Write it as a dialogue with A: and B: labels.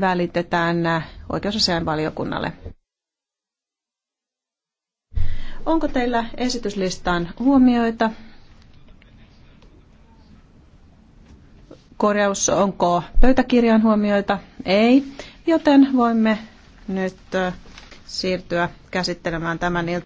A: välitetään oikeusasian valiokunnalle. Onko teillä esityslistaan huomioita? Korjaus, onko pöytäkirjan huomioita? Ei, joten voimme nyt siirtyä käsittelemään tämän
B: iltaan.